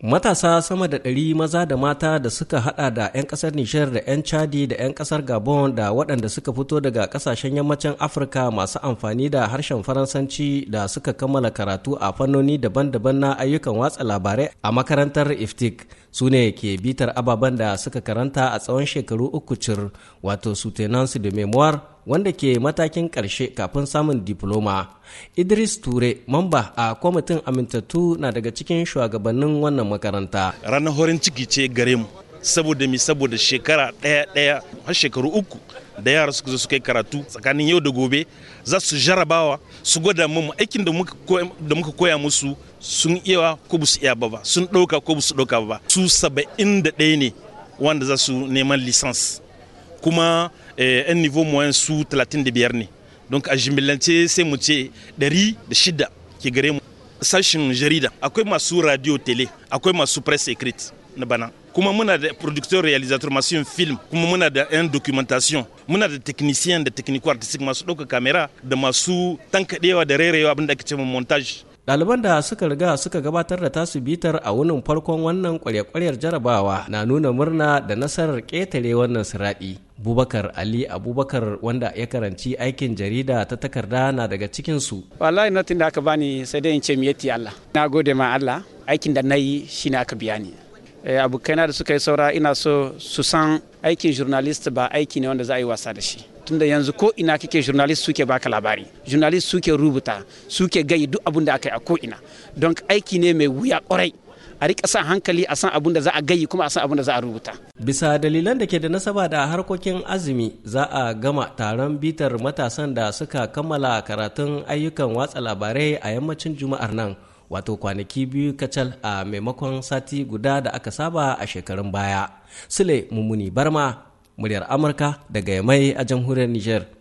Matasa sama da ɗari maza da mata da suka hada da 'yan ƙasar Nishar da 'yan Chadi da 'yan ƙasar Gabon da waɗanda suka fito daga ƙasashen yammacin Afirka masu amfani da harshen Faransanci da suka kammala karatu a fannoni daban-daban na ayyukan watsa labarai a makarantar Iftik su ne ke bitar ababen da suka karanta a tsawon shekaru uku cir wato su de memoire wanda ke matakin ƙarshe kafin samun diploma. Idris Ture, mamba a kwamitin amintattu na daga cikin shugabannin wannan makaranta. Ranar horin ciki ce gare mu, saboda mi saboda shekara ɗaya ɗaya har shekaru uku da yara suka suka yi karatu tsakanin yau da gobe za su jarabawa su gwada mu aikin da muka koya musu sun iya ko ba su iya ba sun ɗauka ko ba su ɗauka ba su saba'in da ɗaya ne wanda za su neman lisans kuma Eh, un niveau moins su 35 ne riz, a chida, sai mu ce Ça, ke gare mu sashin jarida ma sous radio tele akwai masu press secret na bana kuma muna da producteur realizator un film kuma muna da yan documentation muna da technicien de technico artistic masu ɗauka kamera da masu tankaɗewa da rairayewa abinda ake a montage Ɗaliban da suka riga suka gabatar da tasu bitar a wunin farkon wannan kwale kwaryar jarabawa na nuna murna da nasarar ƙetare wannan siraɗi. Bubakar Ali Abubakar wanda ya karanci aikin jarida ta takarda na daga cikinsu. Wallahi notin da aka bani sai dai in ce miyati Allah. Na gode ma Allah aikin da na yi shi ne aka biya ni. Eh, abokaina da suka yi saura ina so su san aikin journalist ba aiki ne wanda za a yi wasa da shi. tunda yanzu ko ina kake journalist suke baka labari journalist suke rubuta suke gai duk abin da aka yi a ko ina don aiki ne mai wuya kwarai a rika sa hankali a san abin da za a gayi kuma a san abin da za a rubuta bisa dalilan da ke da nasaba da harkokin azumi za a gama taron bitar matasan da suka kammala karatun ayyukan watsa labarai a yammacin juma'ar nan wato kwanaki biyu kacal a maimakon sati guda da aka saba a shekarun baya sule mummuni barma muryar amurka daga yamai a jamhuriyar nijar.